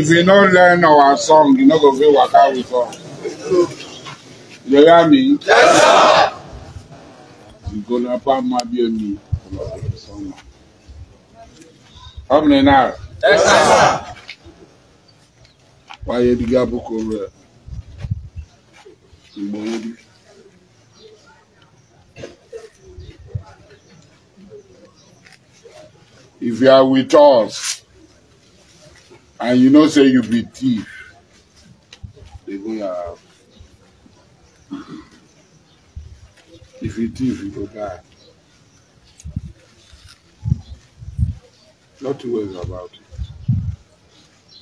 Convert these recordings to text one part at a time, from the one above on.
if we no learn our song you no go fit waka with us you hear me. Yes. Igolapa Mabiemi Olorosoma. Omni now. Yes, sir. Wáyé di gábùkù rẹ̀ ìgbòho bí. If you are with us and you know say you be thief They go uh, your house if you thief you go die Not two worry about it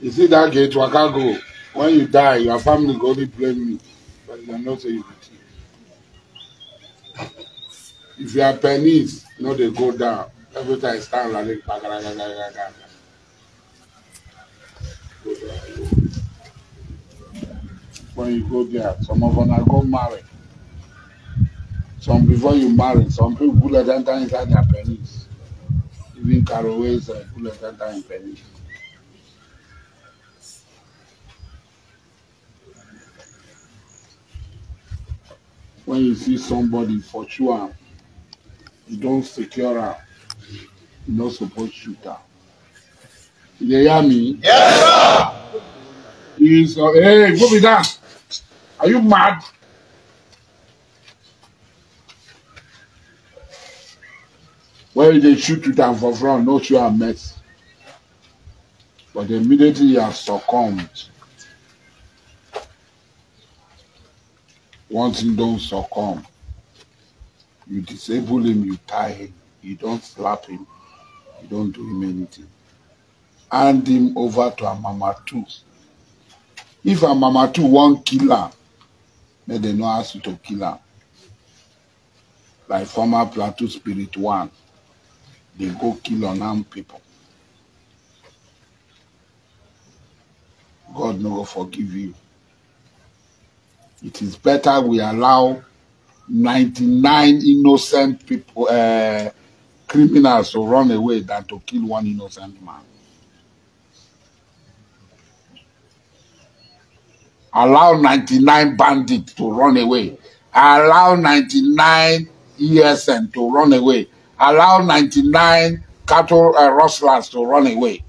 you see that gate waka go when you die your family go only blame you but you know say you be thief if you are pennies no dey go down every time stand like this. when you go there. Some of them are going marry. Some before you marry, some people bullet enter inside their pennies. Even caraways, caroways and bullet enter in pennies. When you see somebody for sure, you don't secure her, you no suppose shoot her. You hear me? Yes, sir. Is uh, hey, go be down. Are you mad? Well, they shoot you down for front, not you are mess. But immediately you have succumbed. Once you don't succumb, you disable him, you tie him, you don't slap him, you don't do him anything. Hand him over to Amamatu. If Amamatu won't kill her, make dem know how to kill like former plateau spirit one they go kill unarmed people. god no forgive you it is better we allow 99 innocent people uh, criminals to run away than to kill one innocent man allow 99 bandits to run away, allow 99 ESN to run away, allow 99 cattle uh, rustlers to run away,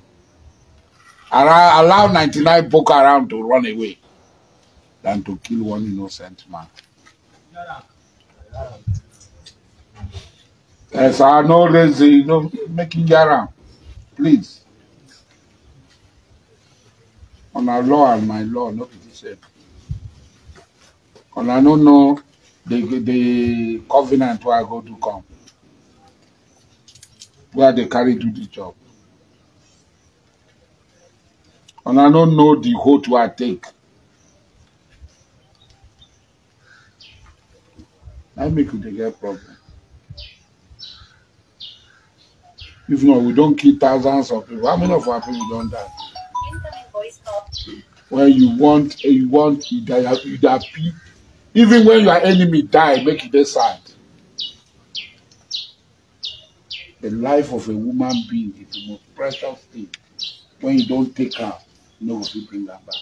allow, allow 99 Boko Haram to run away than to kill one innocent man. Yes, I know there's, you know, making Yara, please on our law and my law, not the same. And I don't know the, the covenant where I go to come, where they carry do the job. And I don't know the oath where I take. I make you get problem. If not, we don't kill thousands of people. How many of our people don't die? when you want you want you die. you even when your enemy die make it sad. the life of a woman being is the most precious thing when you don't take her nobody know you bring her back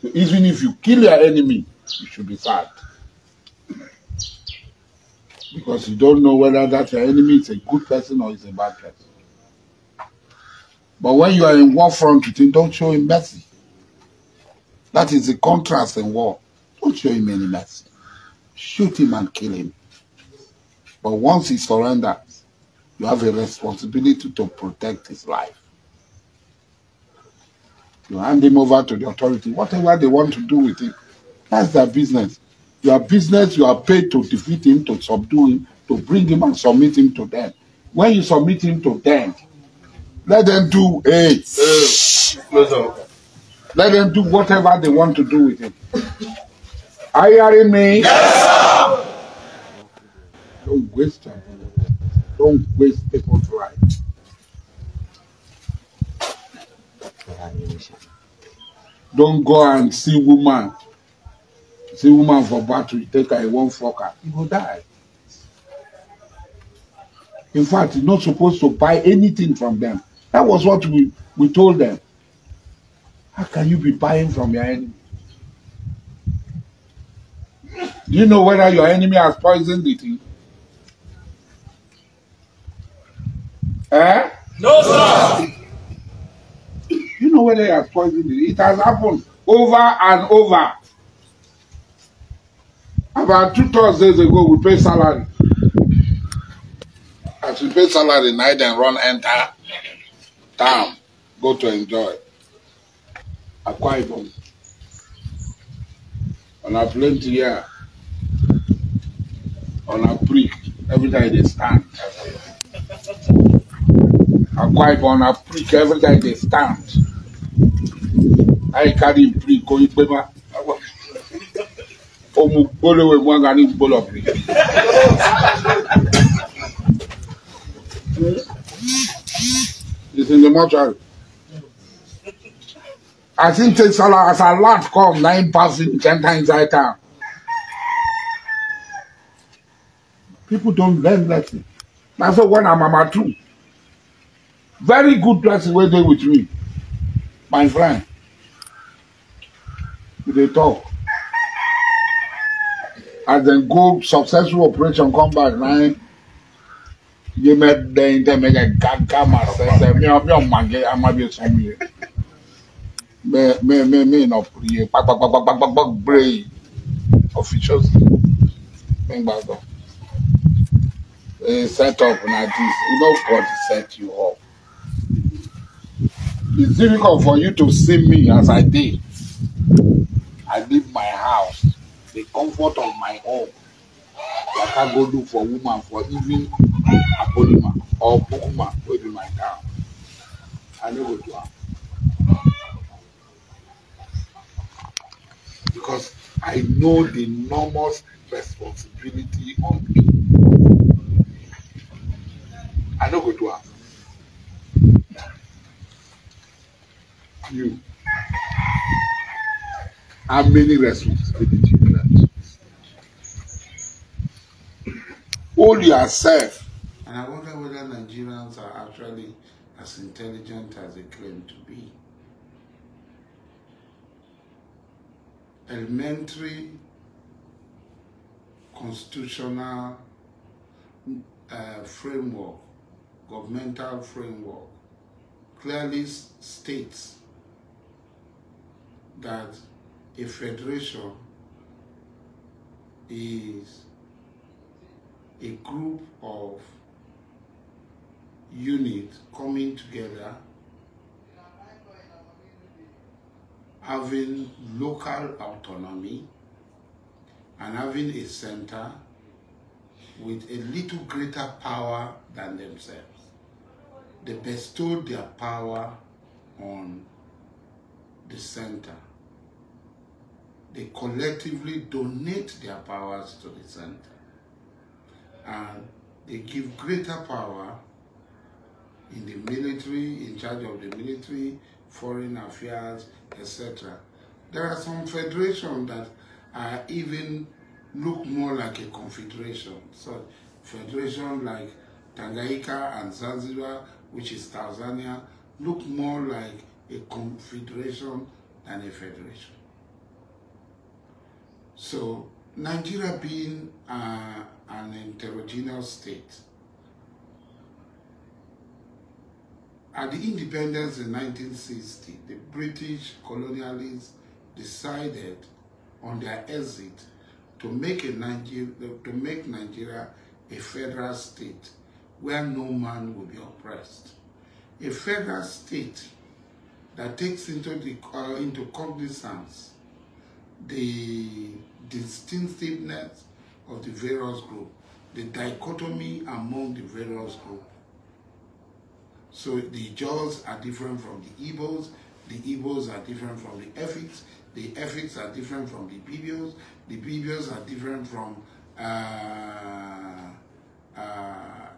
so even if you kill your enemy you should be sad because you don't know whether that your enemy is a good person or is a bad person but when you are in war front you don't show him mercy. That is the contrast in war. Don't show him any mercy. Shoot him and kill him. But once he surrenders, you have a responsibility to protect his life. You hand him over to the authority, whatever they want to do with him. That's their business. Your business, you are paid to defeat him, to subdue him, to bring him and submit him to them. When you submit him to them, Let them do it. Let them do whatever they want to do with him. Are you hearing me? Yes, sir. Don't waste time. Don't waste people's life. Don't go and see woman. See woman for battery. take her, you won't fuck her. You will die. In fact, you're not supposed to buy anything from them. That was what we, we told them. How can you be buying from your enemy? Do you know whether your enemy has poisoned the tea? Eh? No, sir. You know whether he has poisoned it. It has happened over and over. About two Thursdays ago, we pay salary. As we pay salary, night and run enter town go to enjoy Akwa On a plenty On a prick every time they stand Akwa On a prick every time they stand I carry prick kò í pé má omu gbólóhùn egun aga ní gbólóhùn prick. in the mortuary. As him take salary, as a lot come, nine him ten times I can. People don't learn nothing. That's why one I'm at two, very good lesson where they with me, my friend. They talk. As then go successful operation come back nine ye mɛ dɛn tɛ mɛ kɛ gaga ma sɛsɛ miɔ miɔ mange ama bi sɔn Me, me, me, mɛ mɛ mɛ yina puri ye kpakpakpakpakpakpakpa gbere yi officials mɛ officials. dɔn ee set up na this you know God set you up it's difficult for you to see me as I did. I leave my house the comfort of my home waka go do for woman for even apolima or pokuma wey be my cow i no go do am because i know the enormous responsibility on me i no go do am you how many responsibilities. Hold yourself. And I wonder whether Nigerians are actually as intelligent as they claim to be. Elementary constitutional uh, framework, governmental framework, clearly states that a federation is a group of units coming together, having local autonomy, and having a center with a little greater power than themselves. They bestowed their power on the center. They collectively donate their powers to the center and they give greater power in the military, in charge of the military, foreign affairs, etc. There are some federations that are even look more like a confederation. So federation like Tanganyika and Zanzibar, which is Tanzania, look more like a confederation than a federation. So Nigeria being uh, an heterogeneous state. At the independence in 1960, the British colonialists decided on their exit to make, Nigeria to make Nigeria a federal state where no man will be oppressed. A federal state that takes into, the, uh, into cognizance the distinctiveness of the various group, the dichotomy among the various group. So the Jaws are different from the Igbos, the Igbos are different from the Effiks, the Effiks are different from the Bibios, the Bibios are different from uh, uh,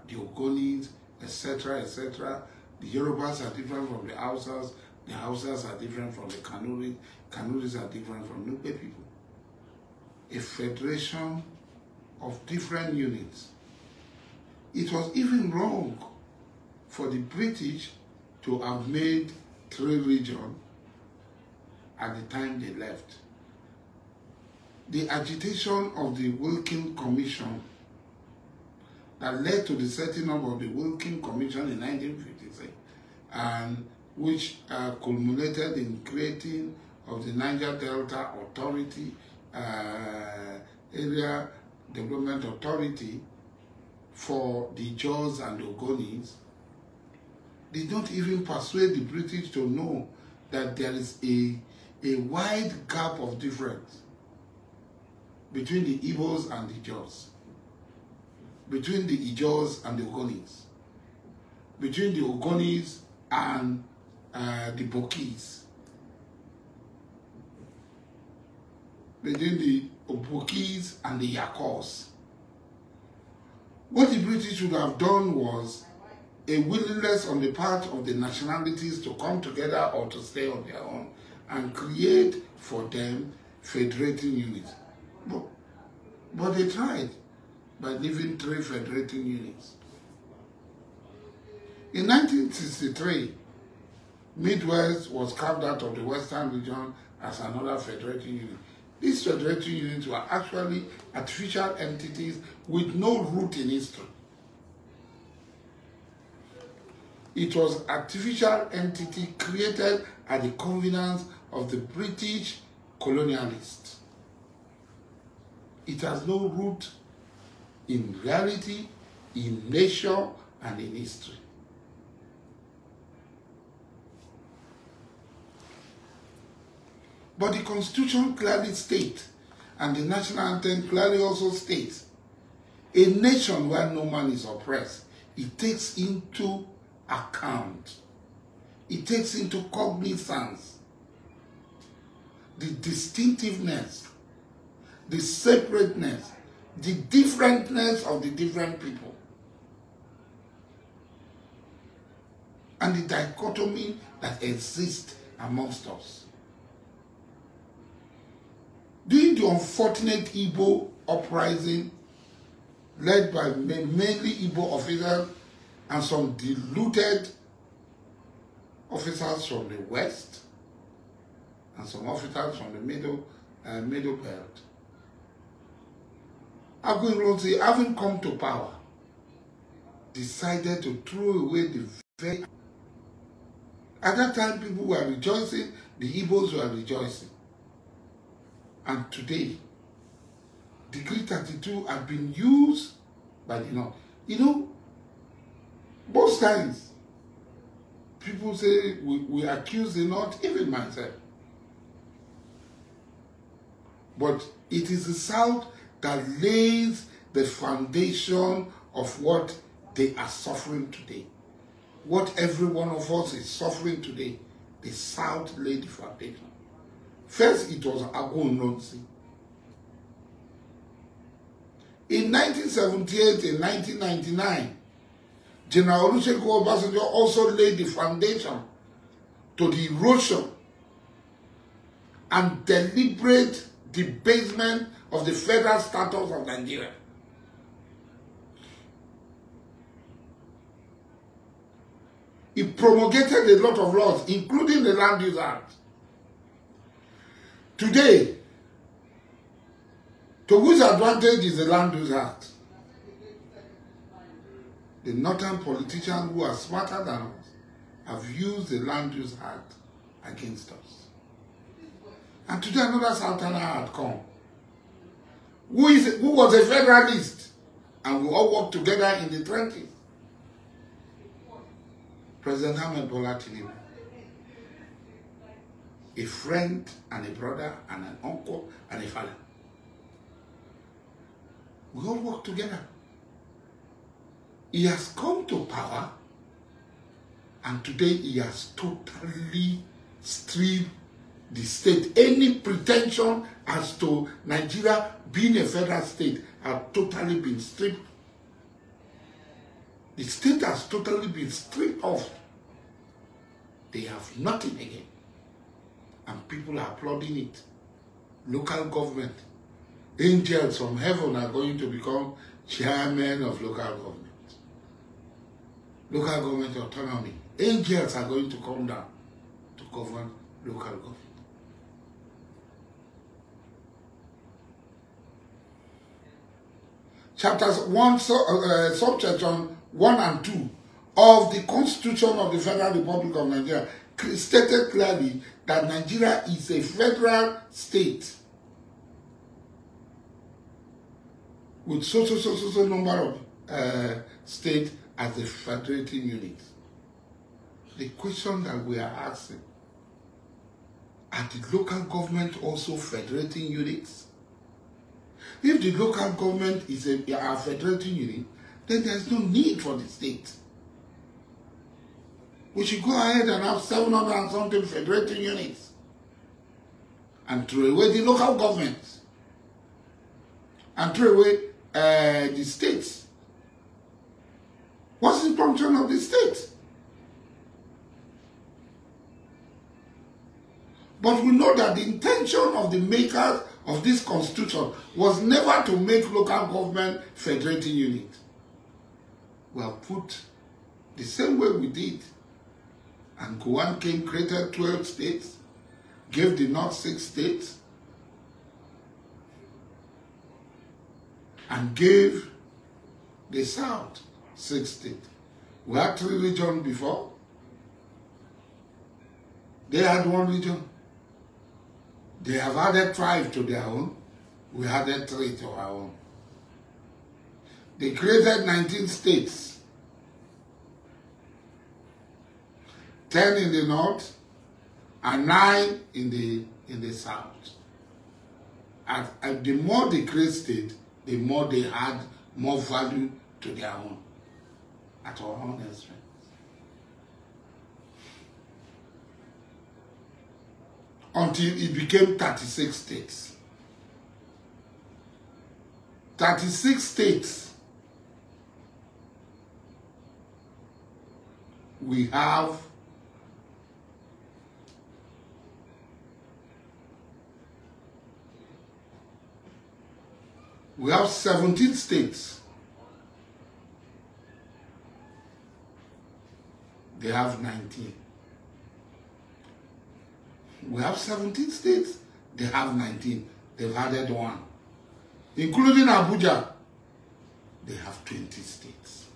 the ogonis, etc., etc. The Yorubas are different from the Hausas, the Hausas are different from the Kanuris, Kanuris are different from Nupe people. A federation of different units. It was even wrong for the British to have made three regions at the time they left. The agitation of the Wilkin Commission that led to the setting up of the Wilkin Commission in 1956 and which uh, culminated in creating of the Niger Delta Authority uh, area Development Authority for the Jaws and Ogonis did not even persuade the British to know that there is a, a wide gap of difference between the Igbos and the Jaws, between the Ijaws and the Ogonis, between the Ogonis and uh, the Bokis. between the Obukis and the Yakos. What the British should have done was a willingness on the part of the nationalities to come together or to stay on their own and create for them federating units. But, but they tried by leaving three federating units. In 1963, Midwest was carved out of the Western region as another federating unit. These federating units were actually artificial entities with no root in history. It was artificial entity created at the convenience of the British colonialists. It has no root in reality, in nature, and in history. But the Constitution clearly states, and the national anthem clearly also states, a nation where no man is oppressed, it takes into account, it takes into cognizance the distinctiveness, the separateness, the differentness of the different people. And the dichotomy that exists amongst us. During the unfortunate Igbo uprising led by mainly Igbo officers and some deluded officers from the West and some officers from the Middle, uh, middle Belt, Aguirre having come to power, decided to throw away the very... At that time, people were rejoicing, the Igbos were rejoicing and today, degree 32 have been used by the you know, you know, both times people say we, we accuse the not even myself. But it is the South that lays the foundation of what they are suffering today. What every one of us is suffering today, the South laid the foundation. First, it was Agun Nonsi. In 1978 and 1999, General Olusegun Obasanjo also laid the foundation to the erosion and deliberate debasement of the federal status of Nigeria. He promulgated a lot of laws, including the Land Use Act, Today, to whose advantage is the land whose heart? The northern politicians who are smarter than us have used the land whose heart against us. And today another Sultana had come. Who, is, who was a federalist and we all worked together in the 20s. President Hamid Bola Tinubu a friend and a brother and an uncle and a father. We all work together. He has come to power and today he has totally stripped the state. Any pretension as to Nigeria being a federal state have totally been stripped. The state has totally been stripped off. They have nothing again. and people are applauding it. Local government. Angels from heaven are going to become chairmen of local government. Local government autonomy. Angels are going to come down to govern local government. Chapters 1, so, uh, subchapter 1 and 2 of the Constitution of the Federal Republic of Nigeria stated clearly that Nigeria is a federal state with so so so so so number of uh, states as a federating unit. The question that we are asking, are the local government also federating units? If the local government is a, a federating unit, then there's no need for the state we should go ahead and have 700 and something federating units and throw away the local governments and throw away uh, the states. What's the function of the state? But we know that the intention of the makers of this constitution was never to make local government federating unit. We have put the same way we did And Kuan came created 12 states, gave the north six states, and gave the south six states. We had three regions before. They had one region. They have added five to their own. We added three to our own. They created 19 states 10 in the north, and 9 in the, in the south. And, and the more they created, the more they add more value to their own, at all own expense. Until it became 36 states. 36 states we have We have 17 states. They have 19. We have 17 states. They have 19. They've added one. Including Abuja, they have 20 states.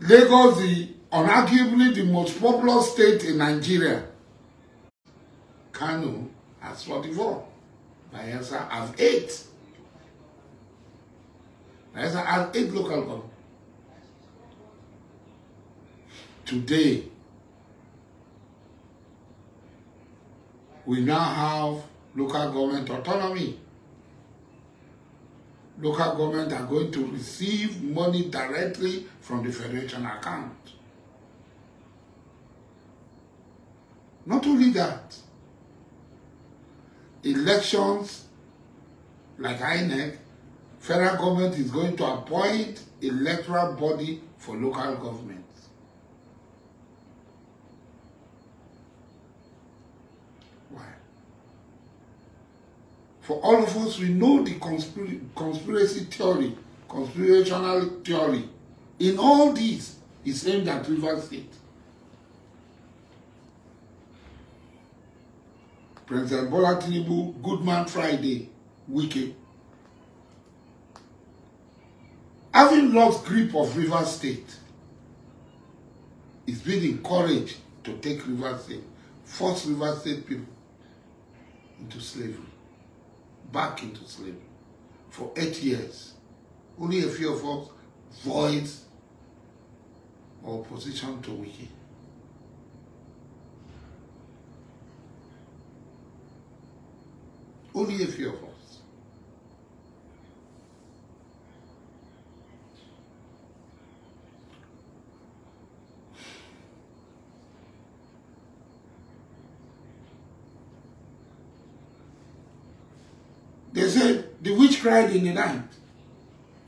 Lagos, is unarguably the most populous state in Nigeria, Kano has 44. Bayelsa has 8. Bayelsa has 8 local government. Today, we now have local government autonomy. Local government are going to receive money directly from the federation account. Not only that, elections like INEC, federal government is going to appoint electoral body for local governments. Why? For all of us, we know the conspiracy theory, conspirational theory. In all this, it's aimed at River State. President Bola Tinubu, Goodman Friday, Wike. Having lost grip of Rivers State, is being encouraged to take Rivers State, force Rivers State people into slavery, back into slavery for eight years. Only a few of us voiced opposition to Wiki. Only a few of us. They said the witch cried in the night.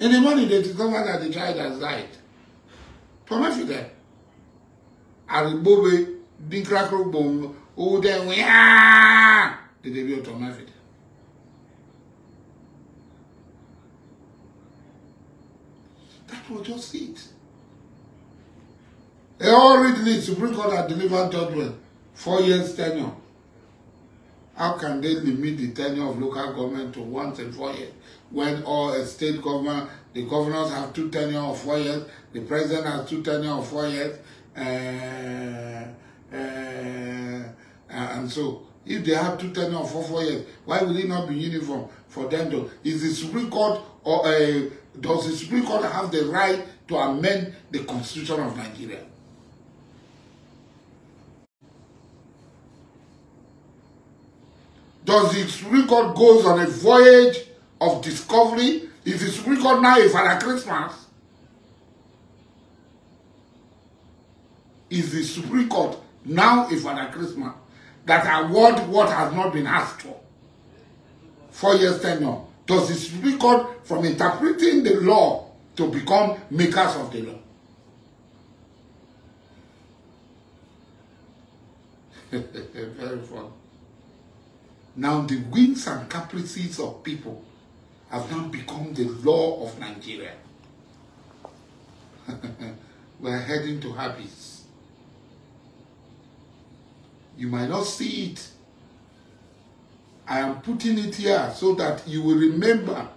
In the morning, they discovered that the child has died. Promise them. Aribobe, Dinkrakrobong, Ode, Dede bi ọtọ mẹfìdì people just eat. They all read lists to bring God and deliver judgment. Four years tenure. How can they limit the tenure of local government to once in four years? When all a state government, the governors have two tenure of four years, the president has two tenure of four years, uh, uh, and so if they have two tenure of four, four years, why will it not be uniform for them to? Is the Supreme Court or a does the Supreme Court have the right to amend the Constitution of Nigeria? Does the Supreme Court goes on a voyage of discovery? Is the Supreme Court now a Father Christmas? Is the Supreme Court now a Father Christmas that award what has not been asked for? Four years tenure does his record from interpreting the law to become makers of the law. Very fun. Now the whims and caprices of people have now become the law of Nigeria. We are heading to habits. You might not see it I am putting it here so that you will remember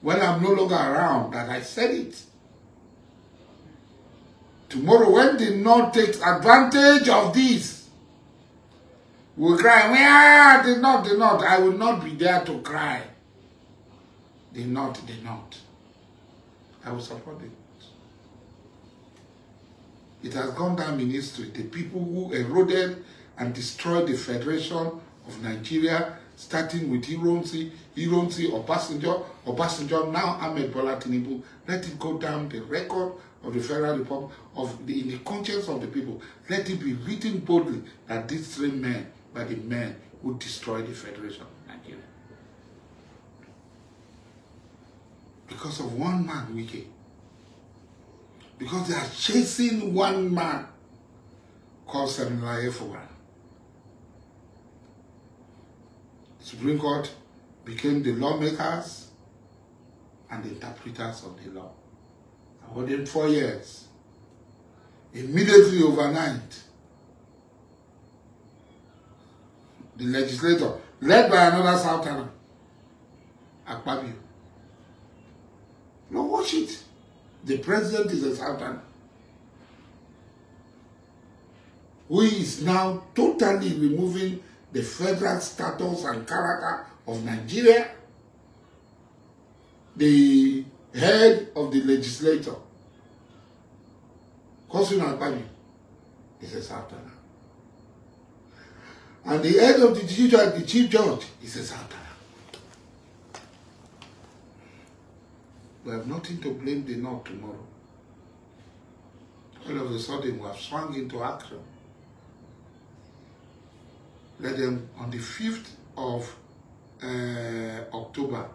when I'm no longer around that I said it. Tomorrow, when the North takes advantage of this, we'll cry, Where the North, the North? I will not be there to cry. The North, the North. I will support it. It has gone down in history. The people who eroded and destroyed the Federation of Nigeria starting with Ironsi, Ironsi or Passenger, or Passenger, now Ahmed Bola Tinubu. Let it go down the record of the Federal Republic, of the, in the conscience of the people. Let it be written boldly that these three men were the men who destroyed the Federation Thank you. Because of one man, Wiki. Because they are chasing one man called Samuel Efuwan. Supreme Court became the lawmakers and the interpreters of the law. I waited four years. Immediately overnight, the legislator, led by another Southerner, Akpabio. Now watch it. The president is a Southerner. Who is now totally removing the federal status and character of Nigeria, the head of the legislature, Kosun Albani, is a Satana. And the head of the chief judge, the chief judge is a Satana. We have nothing to blame the North tomorrow. All of a sudden, we have swung into action let them on the 5th of uh, October.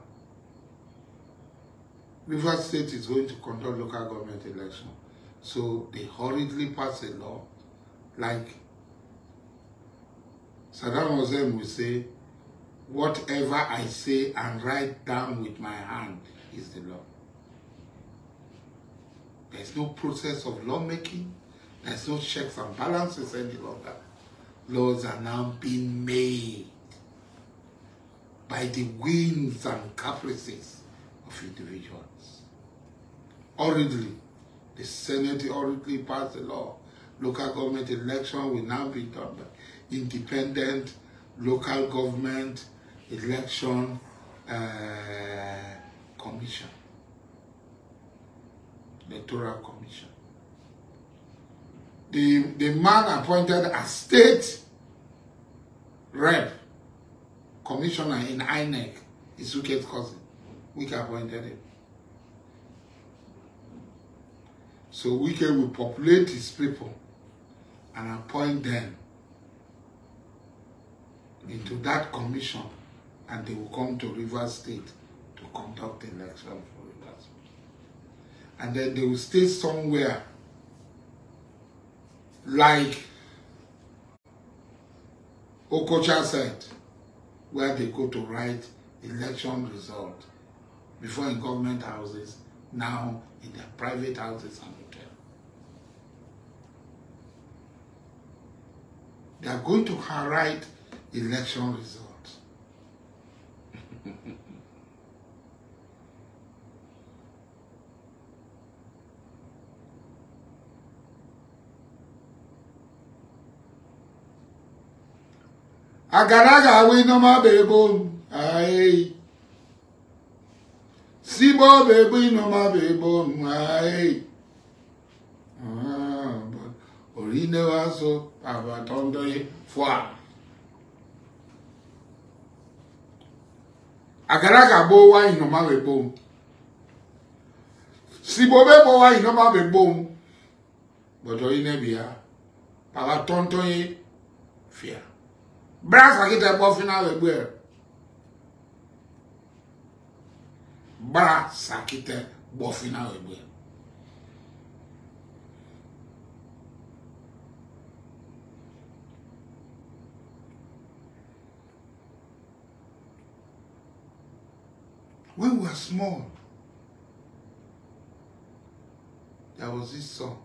River State is going to conduct local government election. So they hurriedly pass a law like Saddam Hussein will say, whatever I say and write down with my hand is the law. There's no process of lawmaking. There's no checks and balances any longer. laws are now being made by the whims and caprices of individuals. Hurriedly, the Senate hurriedly passed a law. Local government election will now be done by independent local government election uh, commission, electoral commission the, the man appointed as state rep commissioner in INEC is Wike's cousin. Wike appointed him. So Wike will populate his people and appoint them into that commission and they will come to River State to conduct the election for Rivers. And then they will stay somewhere like Okocha said, where they go to write election result before in government houses, now in their private houses and hotels. They are going to write election results. agara ga-awụ inomaba ebo no ma sigbo bụ ebo inomaba ebo ah, m so orinewaso abatọndoi fụa agara ga-agbo wa inomaba ebo m sigbo bụ ebo wa inomaba ebo m gbọdọ inebia ye fịa brass akita ẹbọ final egbe ẹ brass akita ẹbọ final egbe ẹ. When we were small, there was this song.